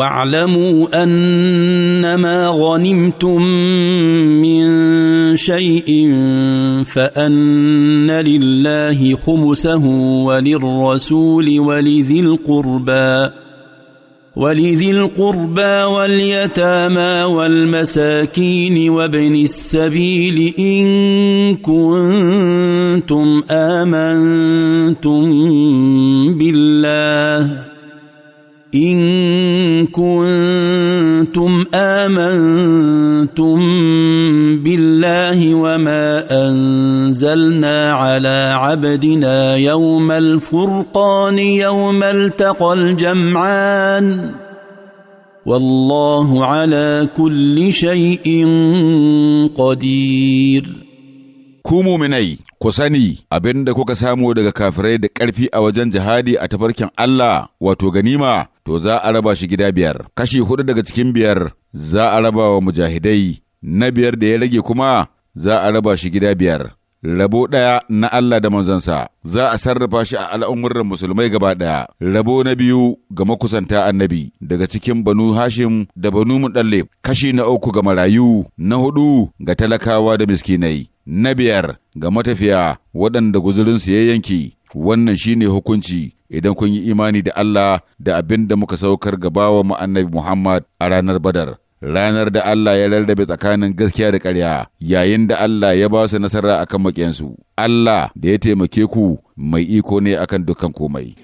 واعلموا انما غنمتم من شيء فان لله خمسه وللرسول ولذي القربى ولذي القربى واليتامى والمساكين وابن السبيل ان كنتم امنتم بالله إن كنتم امنتم بالله وما انزلنا على عبدنا يوم الفرقان يوم التقى الجمعان والله على كل شيء قدير ku muminai ku sani abinda kuka samu daga kafirai da ƙarfi a wajen jihadi a tafarkin Allah wato ganima to za a raba shi gida biyar kashi hudu daga cikin biyar za a raba wa mujahidai na biyar da ya rage kuma za a raba shi gida biyar rabo ɗaya na Allah da manzansa za a sarrafa shi a al’ummurin musulmai gaba ɗaya rabo na biyu ga makusanta annabi daga cikin banu hashim da banu muɗalle kashi na uku ga marayu na hudu ga talakawa da miskinai na biyar ga matafiya waɗanda guzurinsu ya yanki wannan shi ne hukunci idan kun yi imani da Allah da abin da muka saukar gabawa mu annabi Muhammad a ranar Badar. Ranar da Allah ya rarrabe tsakanin gaskiya da ƙarya, yayin da Allah ya ba su nasara akan maƙiyansu. Allah da ya taimake ku mai iko ne akan dukkan komai.